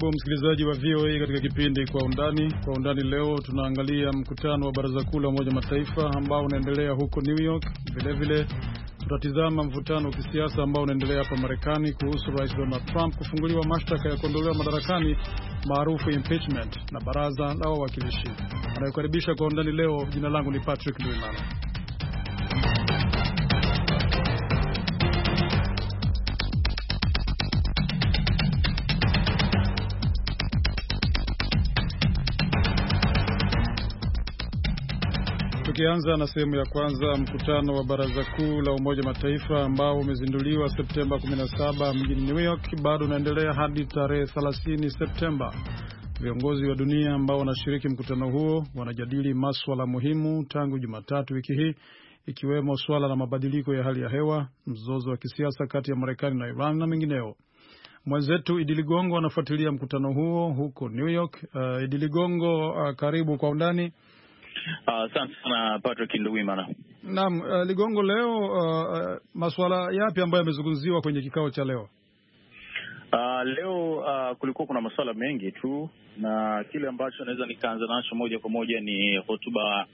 Karibu msikilizaji wa VOA katika kipindi kwa undani. Kwa undani leo tunaangalia mkutano wa Baraza Kuu la Umoja Mataifa ambao unaendelea huko New York. Vilevile tutatizama mvutano wa kisiasa ambao unaendelea hapa Marekani kuhusu Rais Donald Trump kufunguliwa mashtaka ya kuondolewa madarakani maarufu impeachment na Baraza la Wawakilishi. Anayokaribisha kwa undani leo, jina langu ni Patrick Duimana. Tukianza na sehemu ya kwanza, mkutano wa Baraza Kuu la Umoja Mataifa ambao umezinduliwa Septemba 17 mjini New York bado unaendelea hadi tarehe 30 Septemba. Viongozi wa dunia ambao wanashiriki mkutano huo wanajadili maswala muhimu tangu Jumatatu wiki hii, ikiwemo swala la mabadiliko ya hali ya hewa, mzozo wa kisiasa kati ya Marekani na Iran na mengineo. Mwenzetu Idi Ligongo anafuatilia mkutano huo huko New York. Uh, Idi Ligongo, uh, karibu kwa undani. Uh, asante uh, sana Patrick Nduwimana. Naam, uh, Ligongo, leo uh, uh masuala yapi ambayo yamezungumziwa kwenye kikao cha leo? Uh, leo uh, kulikuwa kuna masuala mengi tu, na kile ambacho naweza nikaanza nacho moja kwa moja ni hotuba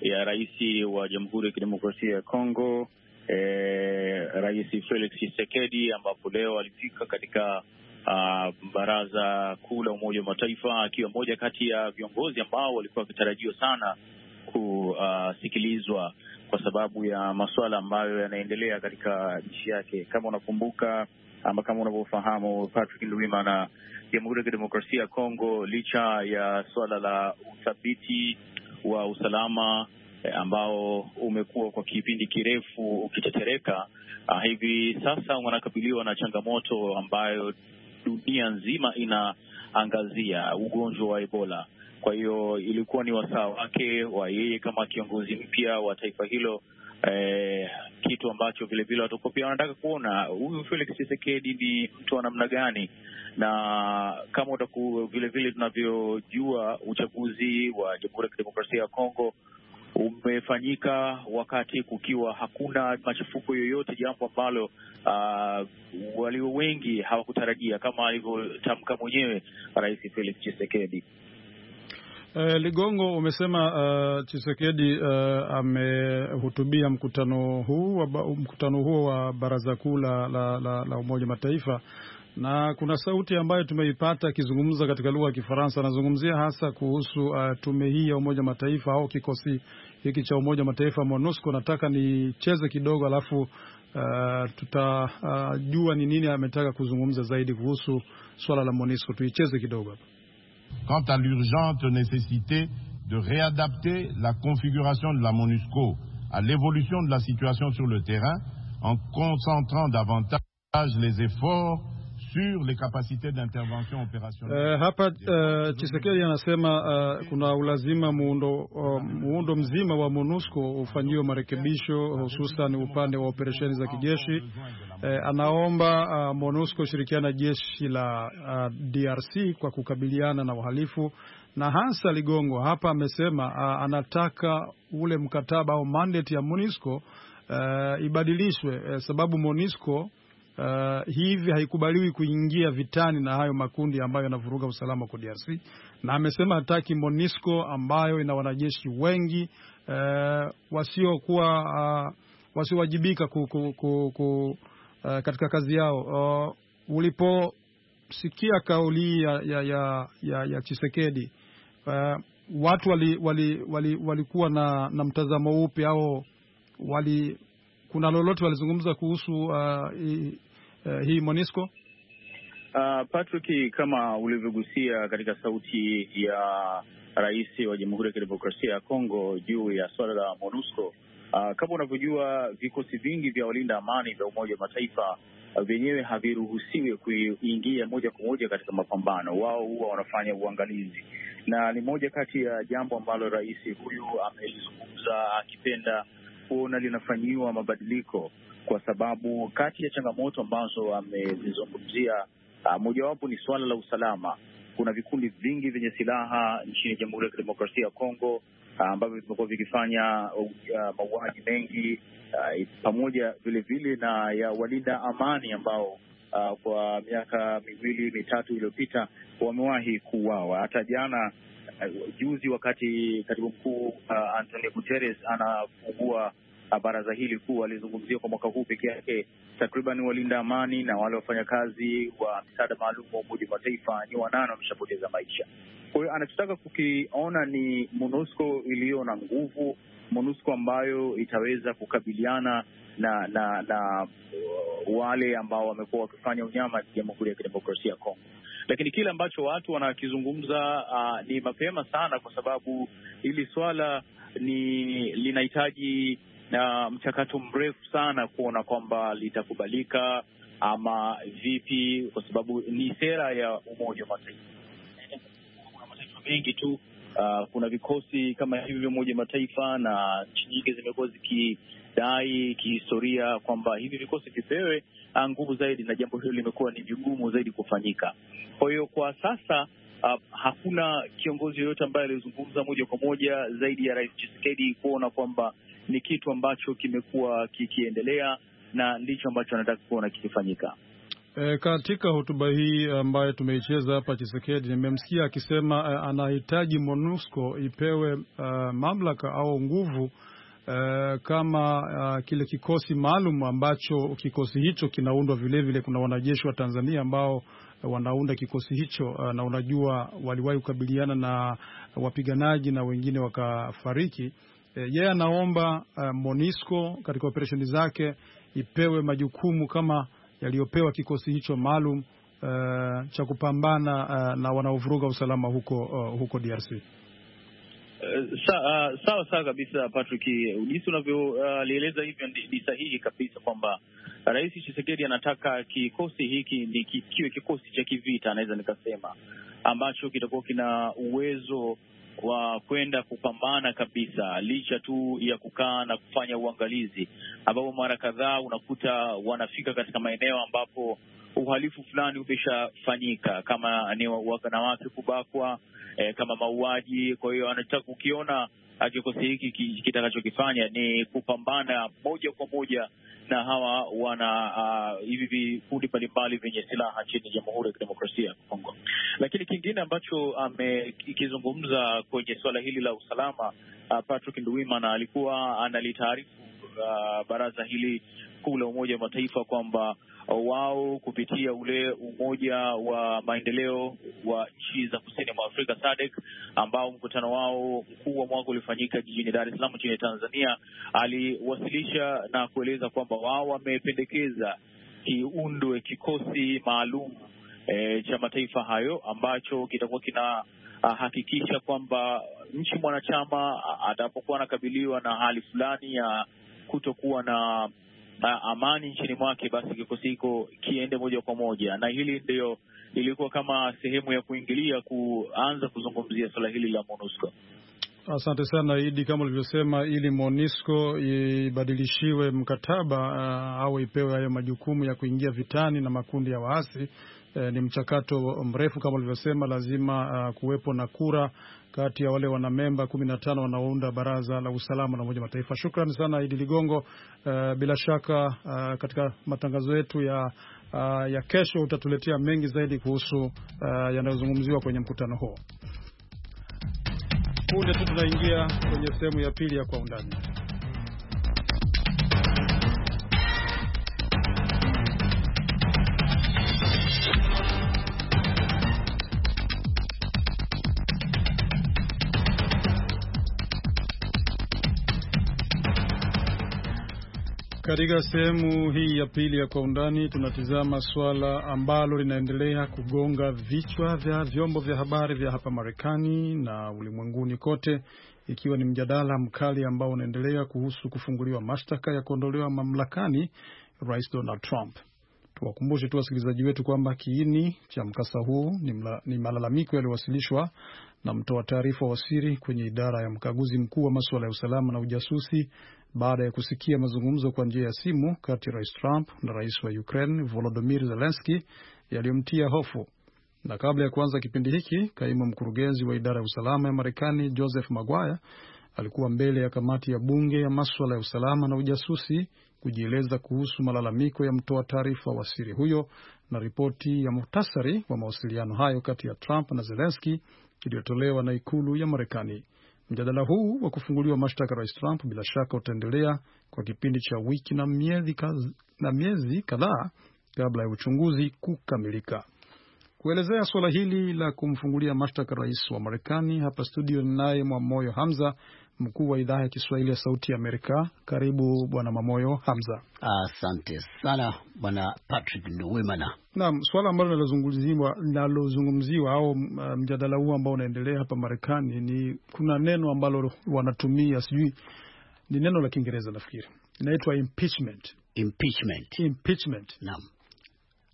ya rais wa Jamhuri ya Kidemokrasia ya Kongo eh, Rais Felix Tshisekedi ambapo leo alifika katika Ah, Baraza Kuu la Umoja wa Mataifa, akiwa moja kati ya viongozi ambao walikuwa wakitarajiwa sana kusikilizwa kwa sababu ya masuala ambayo yanaendelea katika nchi yake. Kama unakumbuka ama kama unavyofahamu Patrick Nduwimana, Jamhuri ya Kidemokrasia ya Kongo, licha ya suala la uthabiti wa usalama eh, ambao umekuwa kwa kipindi kirefu ukitetereka, ah, hivi sasa wanakabiliwa na changamoto ambayo dunia nzima inaangazia ugonjwa wa Ebola. Kwa hiyo ilikuwa ni wasaa wake wa yeye kama kiongozi mpya wa taifa hilo eh, kitu ambacho vilevile watakuwa pia wanataka kuona huyu Felix Tshisekedi ni mtu wa namna gani, na kama utaku vilevile tunavyojua uchaguzi wa Jamhuri ya Kidemokrasia ya Kongo umefanyika wakati kukiwa hakuna machafuko yoyote, jambo ambalo uh, walio wengi hawakutarajia kama alivyotamka mwenyewe Rais Felix Tshisekedi. E, Ligongo umesema uh, Chisekedi uh, amehutubia mkutano huu mkutano huo wa Baraza Kuu la, la, la, la Umoja Mataifa, na kuna sauti ambayo tumeipata akizungumza katika lugha ya Kifaransa. Anazungumzia hasa kuhusu uh, tume hii ya Umoja Mataifa au kikosi Quant à l'urgente nécessité de réadapter la configuration de la MONUSCO à l'évolution de la situation sur le terrain en concentrant davantage les efforts sur les capacités d'intervention opérationnelle. Uh, hapa uh, Tshisekedi anasema uh, kuna ulazima muundo, uh, muundo mzima wa MONUSCO ufanyiwe marekebisho hususan upande wa operesheni za kijeshi. Uh, anaomba uh, MONUSCO shirikiana na jeshi la uh, DRC kwa kukabiliana na uhalifu na hasa Ligongo hapa amesema uh, anataka ule mkataba au mandate ya MONUSCO uh, ibadilishwe uh, sababu MONUSCO uh, hivi haikubaliwi kuingia vitani na hayo makundi ambayo yanavuruga usalama kwa DRC, na amesema hataki MONUSCO ambayo ina wanajeshi wengi uh, wasiokuwa uh, wasiowajibika ku, ku, ku, ku, uh, katika kazi yao. Uh, uliposikia kauli ya, ya, ya, ya, ya Chisekedi uh, watu walikuwa wali, wali, wali na, na mtazamo upi au wali kuna lolote walizungumza kuhusu uh, uh hii uh, hi Monisco? Uh, Patrick, kama ulivyogusia katika sauti ya rais wa Jamhuri ya Kidemokrasia ya Kongo juu ya suala la MONUSCO, uh, kama unavyojua vikosi vingi vya walinda amani vya Umoja wa Mataifa vyenyewe haviruhusiwi kuingia moja kwa moja katika mapambano. Wao huwa wanafanya uangalizi, na ni moja kati ya jambo ambalo rais huyu amelizungumza akipenda kuona linafanyiwa mabadiliko, kwa sababu kati ya changamoto ambazo amezizungumzia ah, mojawapo ni suala la usalama. Kuna vikundi vingi vyenye silaha nchini Jamhuri ya Kidemokrasia ya Kongo ah, ambavyo vimekuwa vikifanya uh, mauaji mengi uh, pamoja vilevile na ya walinda amani ambao uh, kwa miaka miwili mitatu iliyopita wamewahi kuuawa. Hata jana Juzi wakati katibu mkuu uh, Antonio Guterres anafungua uh, baraza hili kuu alizungumzia kwa mwaka huu peke yake takriban walinda amani na wale wafanyakazi wa misaada maalum wa Umoja wa Mataifa ni wanane wameshapoteza maisha. Kwa hiyo anachotaka kukiona ni MONUSCO iliyo na nguvu, MONUSCO ambayo itaweza kukabiliana na na na uh, wale ambao wamekuwa wakifanya unyama Jamhuri ya Kidemokrasia ya Kongo lakini kile ambacho watu wanakizungumza uh, ni mapema sana, kwa sababu hili swala ni linahitaji uh, mchakato mrefu sana kuona kwamba litakubalika ama vipi, kwa sababu ni sera ya Umoja wa Mataifa. Kuna mataifa mengi tu uh, kuna vikosi kama hivi vya Umoja Mataifa na nchi nyingi zimekuwa ziki wamedai kihistoria kwamba hivi vikosi vipewe ah, nguvu zaidi, na jambo hilo limekuwa ni vigumu zaidi kufanyika. Kwa hiyo kwa sasa Uh, hakuna kiongozi yoyote ambaye alizungumza moja kwa moja zaidi ya Rais Tshisekedi kuona kwamba ni kitu ambacho kimekuwa kikiendelea na ndicho ambacho anataka kuona kikifanyika. E, katika hotuba hii ambayo tumeicheza hapa, chisekedi nimemsikia akisema eh, anahitaji MONUSCO ipewe uh, mamlaka au nguvu Uh, kama uh, kile kikosi maalum ambacho kikosi hicho kinaundwa vilevile vile, kuna wanajeshi wa Tanzania ambao wanaunda kikosi hicho uh, na unajua waliwahi kukabiliana na wapiganaji na wengine wakafariki. Uh, yeye anaomba uh, Monisco katika operesheni zake ipewe majukumu kama yaliyopewa kikosi hicho maalum uh, cha kupambana uh, na wanaovuruga usalama huko, uh, huko DRC. Eh, ah, sawa uh, sawa kabisa Patrick, eh, jinsi unavyolieleza ah, uh, hivyo ni sahihi kabisa kwamba Rais Tshisekedi anataka kikosi hiki ni kiwe kikosi cha kivita, anaweza nikasema, ambacho kitakuwa kina uwezo wa kwenda kupambana kabisa, licha tu ya kukaa na kufanya uangalizi, ambapo mara kadhaa unakuta wanafika katika maeneo ambapo uhalifu fulani umeshafanyika, kama ni wanawake kubakwa, eh, kama mauaji. Kwa hiyo anataka kukiona kikosi hiki kitakachokifanya ni kupambana moja kwa moja na hawa wana uh, hivi vikundi mbalimbali vyenye silaha nchini Jamhuri ya Kidemokrasia ya Kongo. Lakini kingine ambacho amekizungumza kwenye suala hili la usalama, uh, Patrick Nduwimana alikuwa analitaarifu uh, baraza hili kuu la Umoja wa Mataifa kwamba wao kupitia ule umoja wa maendeleo wa nchi za kusini mwa Afrika SADC ambao mkutano wao mkuu wa mwaka ulifanyika jijini Dar es Salaam nchini Tanzania, aliwasilisha na kueleza kwamba wao wamependekeza kiundwe kikosi maalum e, cha mataifa hayo ambacho kitakuwa kina hakikisha kwamba nchi mwanachama atapokuwa anakabiliwa na hali fulani ya kutokuwa na uh, amani nchini mwake, basi kikosi hiko kiende moja kwa moja, na hili ndio ilikuwa kama sehemu ya kuingilia kuanza kuzungumzia suala hili la MONUSCO. Asante sana Idi, kama ulivyosema, ili MONUSCO ibadilishiwe mkataba uh, au ipewe hayo majukumu ya kuingia vitani na makundi ya waasi. E, ni mchakato mrefu kama ulivyosema, lazima uh, kuwepo na kura kati ya wale wanamemba kumi na tano wanaounda baraza la usalama la Umoja wa Mataifa. Shukrani sana Idi Ligongo. Uh, bila shaka uh, katika matangazo yetu ya, uh, ya kesho utatuletea mengi zaidi kuhusu uh, yanayozungumziwa kwenye mkutano huo. Punde tu tunaingia kwenye sehemu ya pili ya kwa undani. Katika sehemu hii ya pili ya kwa undani tunatizama swala ambalo linaendelea kugonga vichwa vya vyombo vya habari vya hapa Marekani na ulimwenguni kote, ikiwa ni mjadala mkali ambao unaendelea kuhusu kufunguliwa mashtaka ya kuondolewa mamlakani Rais Donald Trump. Tuwakumbushe tu wasikilizaji wetu kwamba kiini cha mkasa huu ni, mla, ni malalamiko yaliyowasilishwa na mtoa taarifa wa siri kwenye idara ya mkaguzi mkuu wa masuala ya usalama na ujasusi baada ya kusikia mazungumzo kwa njia ya simu kati ya Rais Trump na rais wa Ukraine Volodymyr Zelensky yaliyomtia hofu. Na kabla ya kuanza kipindi hiki, kaimu mkurugenzi wa idara ya usalama ya Marekani Joseph Maguire alikuwa mbele ya kamati ya bunge ya maswala ya usalama na ujasusi kujieleza kuhusu malalamiko ya mtoa taarifa wa siri huyo na ripoti ya muhtasari wa mawasiliano hayo kati ya Trump na Zelenski iliyotolewa na ikulu ya Marekani. Mjadala huu wa kufunguliwa mashtaka Rais Trump bila shaka utaendelea kwa kipindi cha wiki na miezi, na miezi kadhaa kabla ya uchunguzi kukamilika. Kuelezea suala hili la kumfungulia mashtaka rais wa Marekani, hapa studio ninaye Mwamoyo Hamza mkuu wa idhaa ya Kiswahili ya Sauti ya Amerika. Karibu Bwana Mamoyo Hamza. Asante sana Bwana Patrick Nduwimana. Naam, suala ambalo linalozungumziwa au uh, mjadala huu ambao unaendelea hapa Marekani ni kuna neno ambalo wanatumia, sijui ni neno la Kiingereza nafikiri inaitwa impeachment. Impeachment. Impeachment. Naam.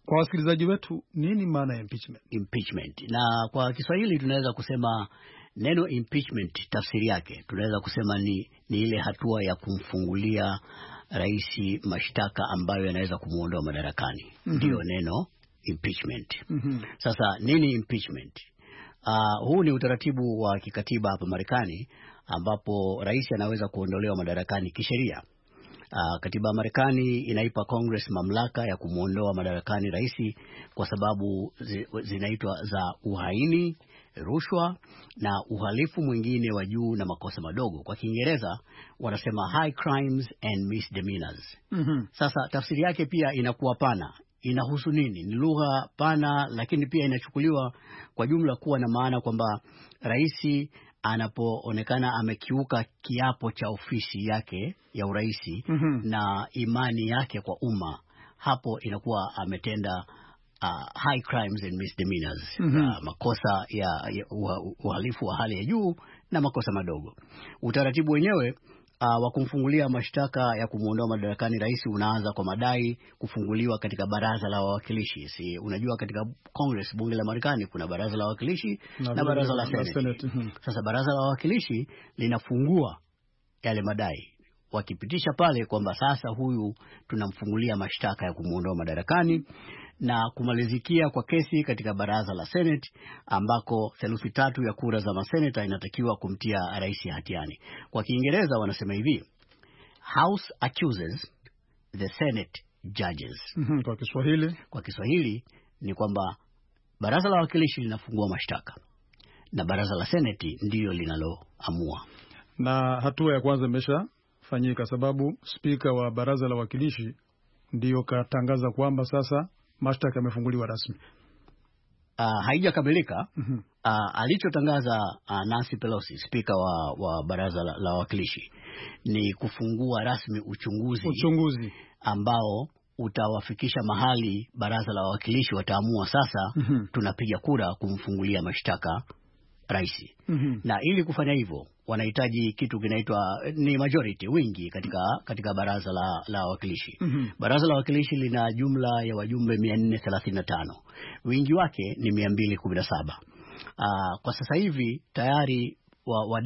Kwa wasikilizaji wetu, nini maana ya impeachment? Impeachment. Na kwa Kiswahili tunaweza kusema Neno impeachment tafsiri yake tunaweza kusema ni, ni ile hatua ya kumfungulia rais mashtaka ambayo yanaweza kumwondoa madarakani mm-hmm. ndiyo, mm -hmm. neno impeachment. Mm -hmm. Sasa nini impeachment? Uh, huu ni utaratibu wa kikatiba hapa Marekani ambapo rais anaweza kuondolewa madarakani kisheria. Uh, katiba ya Marekani inaipa Congress mamlaka ya kumwondoa madarakani rais kwa sababu zinaitwa za uhaini rushwa na uhalifu mwingine wa juu na makosa madogo. Kwa Kiingereza wanasema high crimes and misdemeanors. mm -hmm. Sasa tafsiri yake pia inakuwa pana, inahusu nini? Ni lugha pana, lakini pia inachukuliwa kwa jumla kuwa na maana kwamba rais anapoonekana amekiuka kiapo cha ofisi yake ya uraisi mm -hmm. na imani yake kwa umma, hapo inakuwa ametenda Uh, high crimes and misdemeanors mm -hmm. uh, makosa ya, ya uhalifu wa hali ya juu na makosa madogo. Utaratibu wenyewe uh, wa kumfungulia mashtaka ya kumwondoa madarakani rais unaanza kwa madai kufunguliwa katika baraza la wawakilishi. Si unajua katika Congress, bunge la Marekani, kuna baraza la wawakilishi na, na baraza la Senate, Senate. Mm -hmm. Sasa baraza la wawakilishi linafungua yale madai wakipitisha pale kwamba sasa huyu tunamfungulia mashtaka ya kumwondoa madarakani na kumalizikia kwa kesi katika baraza la Seneti ambako theluthi tatu ya kura za maseneta inatakiwa kumtia rais hatiani. Kwa Kiingereza wanasema hivi, House accuses the Senate judges. Mhm, kwa Kiswahili, kwa Kiswahili ni kwamba baraza la wawakilishi linafungua mashtaka na baraza la Seneti ndiyo linaloamua, na hatua ya kwanza imeshafanyika, sababu spika wa baraza la wawakilishi ndiyo katangaza kwamba sasa mashtaka yamefunguliwa rasmi. Uh, haijakamilika. mm -hmm. Uh, alichotangaza uh, Nancy Pelosi spika wa, wa baraza la wawakilishi ni kufungua rasmi uchunguzi, uchunguzi ambao utawafikisha mahali baraza la wawakilishi wataamua sasa, mm -hmm. tunapiga kura kumfungulia mashtaka rais mm -hmm. na ili kufanya hivyo wanahitaji kitu kinaitwa ni majority wingi katika katika baraza la, la wawakilishi mm -hmm. Baraza la wawakilishi lina jumla ya wajumbe 435 wingi wake ni 217. Uh, ah, kwa sasa hivi tayari wa, wa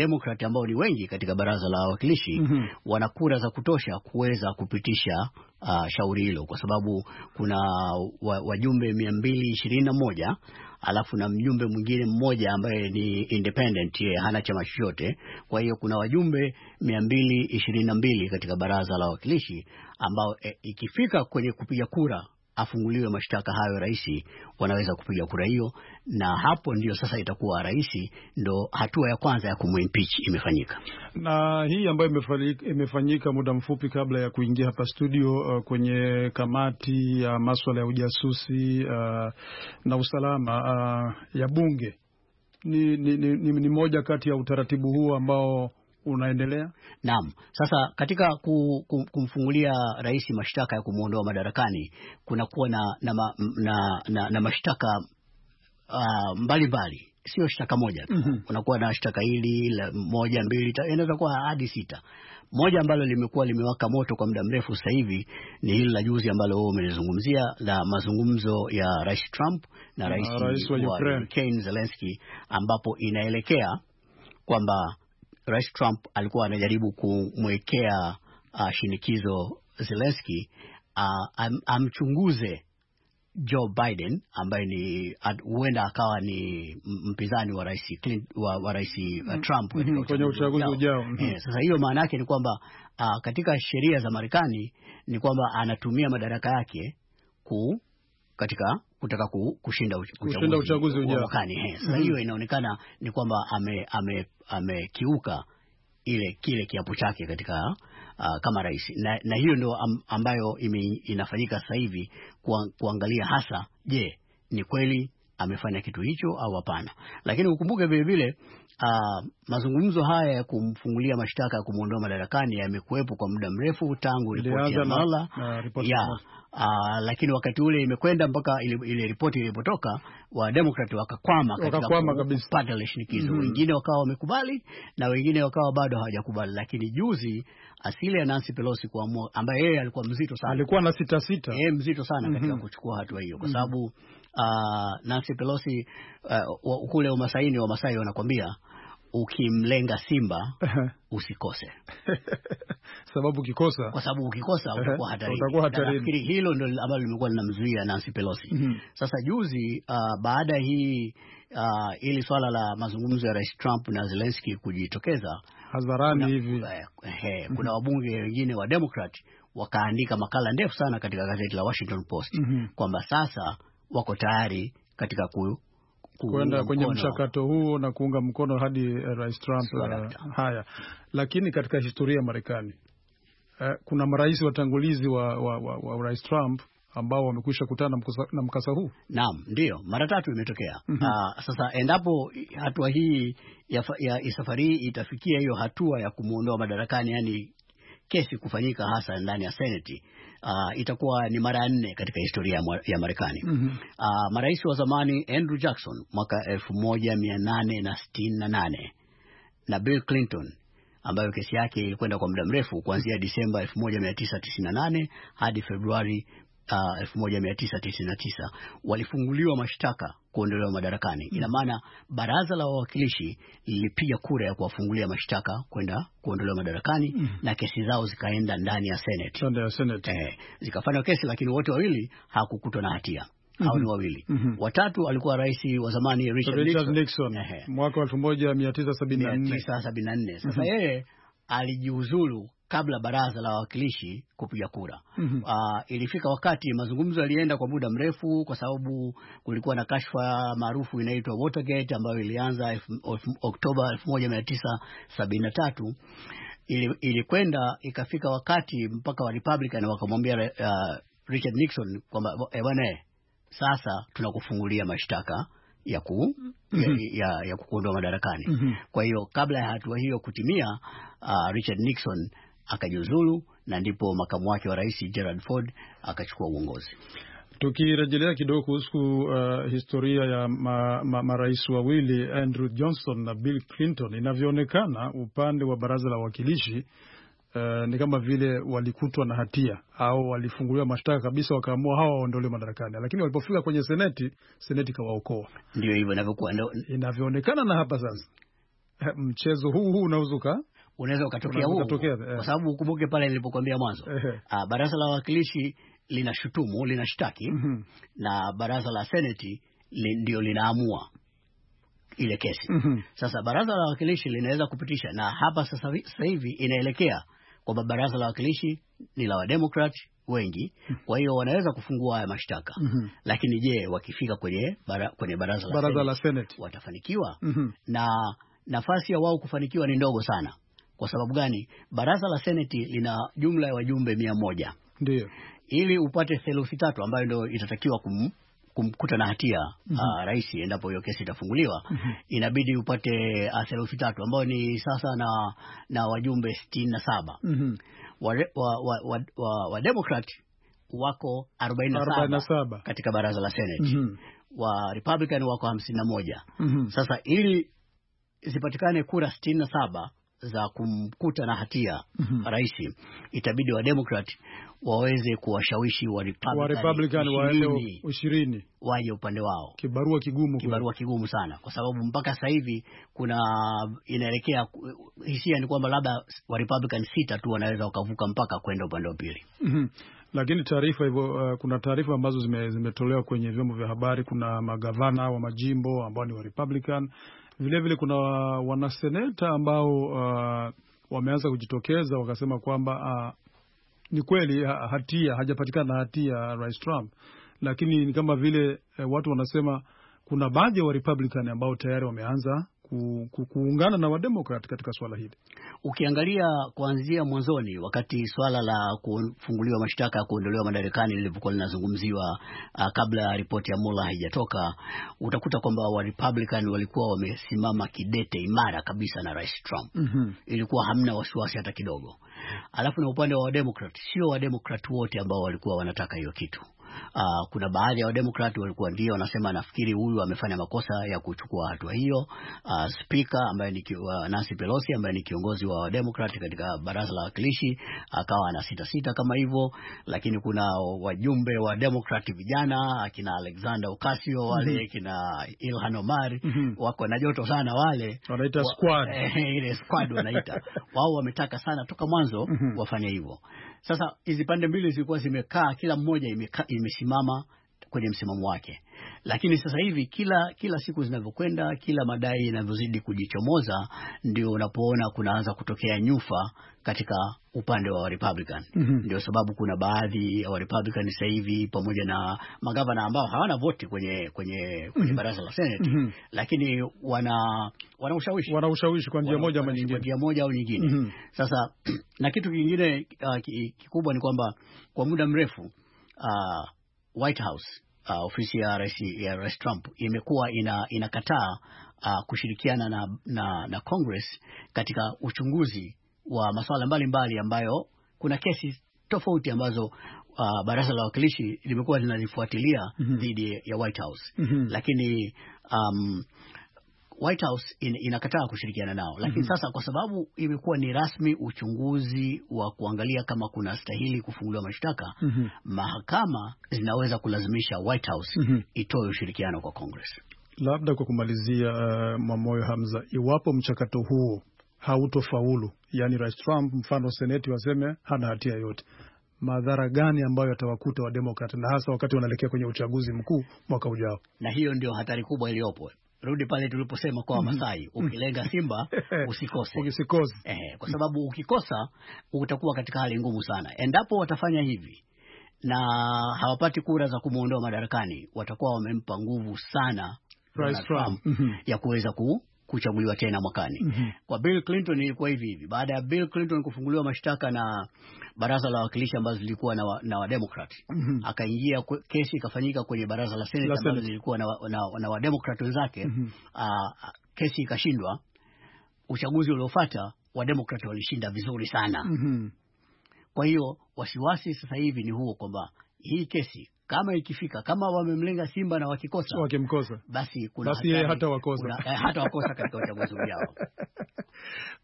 ambao ni wengi katika baraza la wawakilishi mm -hmm. wana kura za kutosha kuweza kupitisha uh, shauri hilo kwa sababu kuna wajumbe mia mbili ishirini na moja alafu na mjumbe mwingine mmoja ambaye ni independent, ye, hana chama chochote. Kwa hiyo kuna wajumbe mia mbili ishirini na mbili katika baraza la wawakilishi ambao e, ikifika kwenye kupiga kura afunguliwe mashtaka hayo, rais wanaweza kupiga kura hiyo, na hapo ndio sasa itakuwa rais, ndo hatua ya kwanza ya kumwimpeach imefanyika, na hii ambayo imefanyika muda mfupi kabla ya kuingia hapa studio, uh, kwenye kamati ya uh, maswala ya ujasusi uh, na usalama uh, ya bunge ni, ni, ni, ni, ni moja kati ya utaratibu huu ambao unaendelea. Naam, sasa katika kumfungulia rais mashtaka ya kumwondoa madarakani kunakuwa na, na, na, na, na, na mashtaka uh, ah, mbalimbali sio shtaka moja tu. mm -hmm. Unakuwa na shtaka hili moja mbili, inaweza kuwa hadi sita. Moja ambalo limekuwa limewaka moto kwa muda mrefu sasa hivi ni hili la juzi ambalo wewe umelizungumzia la mazungumzo ya Rais Trump na rais, na rais wa Ukraine Zelensky, ambapo inaelekea kwamba Rais Trump alikuwa anajaribu kumwekea uh, shinikizo Zelensky uh, am, amchunguze Joe Biden ambaye ni huenda akawa ni mpinzani wa rais wa, wa rais uh, Trump mm -hmm, kwenye uchaguzi ujao mm -hmm. Yeah, sasa hiyo maana yake ni kwamba uh, katika sheria za Marekani ni kwamba anatumia madaraka yake ku katika kutaka kushinda kushinda uchaguzi ujao mwakani. Eh. Sasa hiyo mm-hmm. inaonekana ni kwamba amekiuka ame, ame ile kile kiapo chake katika uh, kama rais na, na hiyo ndio ambayo ime, inafanyika sasa hivi kuangalia hasa, je, ni kweli amefanya kitu hicho au hapana. Lakini ukumbuke vilevile uh, ah, mazungumzo haya ya kumfungulia mashtaka ya kumwondoa madarakani yamekuwepo kwa muda mrefu tangu ripoti ya Mala ya Aa, ah, lakini wakati ule imekwenda mpaka ile, ile ripoti ilipotoka wa Democrat wakakwama katika kupata ile shinikizo mm -hmm. Wengine wakawa wamekubali na wengine wakawa bado hawajakubali, lakini juzi asili ya Nancy Pelosi kuamua, ambaye yeye alikuwa mzito sana, alikuwa na sita sita, yeye mzito sana mm -hmm. katika mhm. kuchukua hatua hiyo kwa mhm. sababu mm -hmm. Nancy Pelosi uh, kule Umasaini Wamasai wanakwambia ukimlenga Simba usikose sababu ukikosa, kwa sababu ukikosa utakuwa hatarini. Nafikiri hilo ndio ambalo limekuwa linamzuia Nancy Pelosi. mm -hmm. Sasa juzi, uh, baada hii uh, ah, ili swala la mazungumzo ya Rais Trump na Zelensky kujitokeza hadharani hivi, eh, mhm. kuna wabunge wengine wa Democrat wakaandika makala ndefu sana katika gazeti la Washington Post mm -hmm. kwamba sasa wako tayari katika ku kwenda kwenye mchakato huo na kuunga mkono hadi eh, Rais Trump. Uh, haya lakini katika historia ya Marekani uh, kuna marais watangulizi wa, wa, wa, wa Rais Trump ambao wamekwisha kutana na mkasa huu. Naam, ndio mara tatu imetokea. mm -hmm. Aa, ah, sasa endapo hatua hii ya, ya, safari itafikia hiyo hatua ya kumwondoa madarakani, yani kesi kufanyika hasa ndani ya Seneti uh, itakuwa ni mara ya nne katika historia ya Marekani. mm -hmm. Uh, marais wa zamani Andrew Jackson mwaka elfu moja mia nane na sitini na nane na Bill Clinton ambayo kesi yake ilikwenda kwa muda mrefu kuanzia Disemba 1998 hadi Februari uh, 1999 walifunguliwa mashtaka kuondolewa madarakani. Hmm. Ina maana baraza la wawakilishi lilipiga kura ya kuwafungulia mashtaka kwenda kuondolewa madarakani mm. na kesi zao zikaenda ndani ya Senate, ndani ya Senate. Eh, zikafanywa kesi, lakini wote wawili hakukutwa na hatia Mm -hmm. ni wawili mm -hmm. Watatu alikuwa rais wa zamani Richard, Richard Nixon, Nixon eh, eh. mwaka 1974. Sasa hmm. yeye alijiuzulu kabla baraza la wawakilishi kupiga kura mm -hmm. Uh, ilifika wakati mazungumzo yalienda kwa muda mrefu, kwa sababu kulikuwa na kashfa maarufu inaitwa Watergate ambayo ilianza Oktoba 1973 ilikwenda ikafika wakati mpaka wa Republican wakamwambia uh, Richard Nixon kwamba eh, bwana, eh, sasa tunakufungulia mashtaka ya, ku, mm -hmm. ya, ya, ya kukuondoa madarakani mm -hmm. Kwa hiyo kabla ya hatua hiyo kutimia, uh, Richard Nixon akajiuzulu na ndipo makamu wake wa rais Gerald Ford akachukua uongozi. Tukirejelea kidogo kuhusu uh, historia ya marais ma, ma wawili Andrew Johnson na Bill Clinton, inavyoonekana upande wa baraza la wawakilishi uh, ni kama vile walikutwa na hatia au walifunguliwa mashtaka kabisa, wakaamua hawa waondolewe madarakani, lakini walipofika kwenye seneti, seneti kawaokoa. Ndio hivyo inavyokuwa, inavyoonekana. Na hapa sasa mchezo huu huu unauzuka unaweza ukatokea huo, eh. kwa sababu ukumbuke pale nilipokuambia mwanzo uh, baraza la wawakilishi linashutumu linashtaki, mm -hmm. na baraza la seneti li, ndio linaamua ile kesi. mm -hmm. Sasa baraza la wawakilishi linaweza kupitisha, na hapa sasa hivi inaelekea kwamba baraza la wawakilishi ni la wademokrat wengi, kwa hiyo wanaweza kufungua haya mashtaka. mm -hmm. Lakini je, wakifika kwenye, bara, kwenye baraza, baraza la la Senate. watafanikiwa? mm -hmm. na nafasi ya wao kufanikiwa ni ndogo sana kwa sababu gani? Baraza la Seneti lina jumla ya wajumbe mia moja. Ndio. Ili upate theluthi tatu ambayo ndio itatakiwa kum, kumkuta na hatia mm -hmm. uh, rais endapo hiyo kesi itafunguliwa mm -hmm. inabidi upate ah, theluthi tatu ambayo ni sasa na, na wajumbe sitini na saba mm -hmm. Wademokrat wa, wa, wa, wa wako arobaini na saba katika baraza la Seneti mm -hmm. wa Republican wako hamsini na moja mm -hmm. Sasa ili zipatikane kura sitini na saba za kumkuta na hatia mm -hmm. rais, itabidi wademokrat waweze kuwashawishi warepublican wa ishirini waje upande wao. Kibarua kigumu, kibarua kigumu sana, kwa sababu mpaka sasa hivi kuna inaelekea hisia ni kwamba labda warepublican sita tu wanaweza wakavuka mpaka kwenda upande wa pili mm -hmm. Lakini taarifa hivyo, uh, kuna taarifa ambazo zimetolewa zime kwenye vyombo vya habari. Kuna magavana wa majimbo ambao ni warepublican Vilevile vile kuna wanaseneta ambao uh, wameanza kujitokeza wakasema kwamba uh, ni kweli hatia hajapatikana na hatia Rais Trump, lakini ni kama vile eh, watu wanasema kuna baadhi ya Republican ambao tayari wameanza ku, ku, kuungana na wademokrat katika swala hili? Ukiangalia kuanzia mwanzoni, wakati swala la kufunguliwa mashtaka ya kuondolewa madarakani lilivyokuwa linazungumziwa, uh, kabla ya ripoti ya mula haijatoka, utakuta kwamba wa Republican walikuwa wamesimama kidete imara kabisa na Rais Trump. mm -hmm. Ilikuwa hamna wasiwasi hata kidogo. Alafu na upande wa Wademokrat, sio Wademokrat wote ambao walikuwa wanataka hiyo kitu uh, kuna baadhi ya wademokrati walikuwa ndio wanasema nafikiri huyu amefanya makosa ya kuchukua hatua hiyo. Uh, ah, spika ambaye ni uh, Nancy Pelosi ambaye ni kiongozi wa wademokrati katika baraza la wakilishi akawa ana sita sita kama hivyo, lakini kuna wajumbe wa demokrat vijana akina Alexander Ocasio wale mm -hmm. kina Ilhan Omar mm -hmm. wako na joto sana wale wanaita wa, squad ile squad wanaita wao wametaka sana toka mwanzo mm -hmm. wafanye hivyo sasa hizi pande mbili zilikuwa zimekaa, kila mmoja imesimama kwenye msimamo wake. Lakini sasa hivi kila kila siku zinavyokwenda, kila madai yanavyozidi kujichomoza, ndio unapoona kunaanza kutokea nyufa katika upande wa Republican. mm -hmm. Ndio sababu kuna baadhi ya Republican sasa hivi pamoja na magavana ambao hawana voti kwenye kwenye, kwenye mhm. baraza la Senate mm -hmm. lakini wana wana ushawishi wana ushawishi kwa njia moja ama nyingine, kwa njia moja au nyingine mm -hmm. Sasa na kitu kingine uh, kikubwa ni kwamba kwa muda mrefu uh, White House uh, ofisi ya rais, ya rais Trump imekuwa ina, inakataa uh, kushirikiana na, na, na Congress katika uchunguzi wa masuala mbalimbali ambayo kuna kesi tofauti ambazo uh, baraza la wawakilishi limekuwa linalifuatilia mm -hmm. dhidi ya White House mm -hmm. lakini um, White House in, inakataa kushirikiana nao, lakini mm -hmm. Sasa kwa sababu imekuwa ni rasmi uchunguzi wa kuangalia kama kuna stahili kufunguliwa mashtaka mm -hmm. mahakama zinaweza kulazimisha White House mm -hmm. itoe ushirikiano kwa Congress. Labda kwa kumalizia, uh, Mwamoyo Hamza, iwapo mchakato huo hautofaulu, yani Rais Trump mfano seneti waseme hana hatia yote, madhara gani ambayo atawakuta Wademokrat na hasa wakati wanaelekea kwenye uchaguzi mkuu mwaka ujao? Na hiyo ndio hatari kubwa iliyopo rudi pale tuliposema kwa mm-hmm. Wamasai, mm-hmm. ukilenga simba usikose, usikose. Eh, kwa sababu ukikosa utakuwa katika hali ngumu sana. Endapo watafanya hivi na hawapati kura za kumwondoa madarakani, watakuwa wamempa nguvu sana Trump mm-hmm. ya kuweza ku, kuchaguliwa tena mwakani. mm -hmm. Kwa Bill Clinton ilikuwa hivi hivi. Baada ya Bill Clinton kufunguliwa mashtaka na baraza la wawakilishi ambazo zilikuwa na, wa, na wademokrat mm -hmm. akaingia kesi ikafanyika kwenye baraza la seneti ambazo zilikuwa na, na, na wademokrat wenzake mm -hmm. kesi ikashindwa. Uchaguzi uliofuata wademokrat walishinda vizuri sana mm -hmm. Kwa hiyo wasiwasi sasa hivi ni huo kwamba hii kesi kama ikifika kama wamemlenga Simba na wakikosa wakimkosa, basi kuna basi hatari, hata wakosa kuna, eh, hata wakosa katika uchaguzi ujao.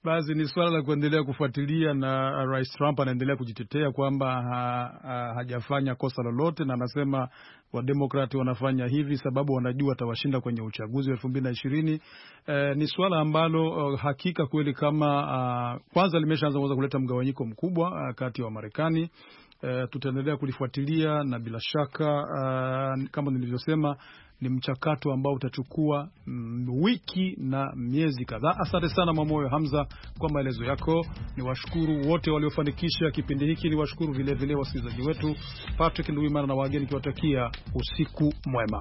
Basi ni swala la kuendelea kufuatilia, na uh, Rais Trump anaendelea kujitetea kwamba ha, ha, hajafanya kosa lolote, na anasema wademokrati wanafanya hivi sababu wanajua atawashinda kwenye uchaguzi wa elfu mbili na ishirini. Eh, ni swala ambalo uh, hakika kweli kama uh, kwanza limeshaanza kuleta mgawanyiko mkubwa uh, kati ya Wamarekani Eh, tutaendelea kulifuatilia na bila shaka uh, kama nilivyosema ni mchakato ambao utachukua mm, wiki na miezi kadhaa. Asante sana Mwamoyo Hamza kwa maelezo yako. Ni washukuru wote waliofanikisha kipindi hiki, ni washukuru vilevile wasikilizaji wetu. Patrick Nduimana na wageni kiwatakia usiku mwema.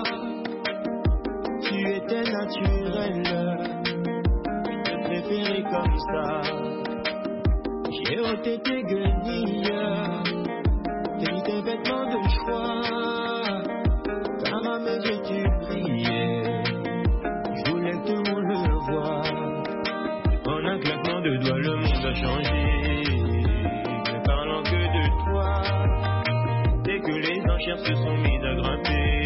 c'était naturel. Je préférais comme ça. J'ai ôté tes guenilles, t'as mis tes vêtements de choix. Ta ma mesure tu priais, je voulais que tout le monde le En un claquement de doigts, le monde a changé. Ne parlant que de toi, dès que les enchères se sont mises à grimper.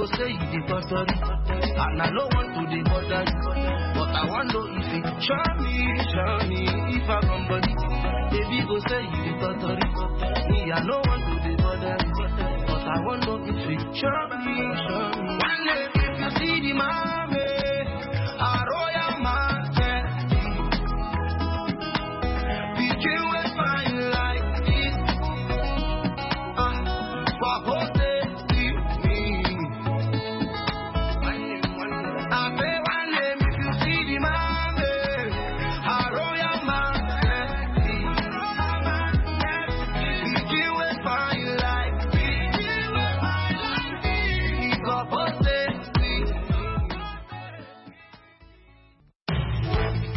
go say you dey for sorry. And I no want to dey bother But I wan know if you show me, show me if I come body. Baby go say you dey for sorry. Me I no want to dey bother But I wan know if you show me, show me. One day if you see the man.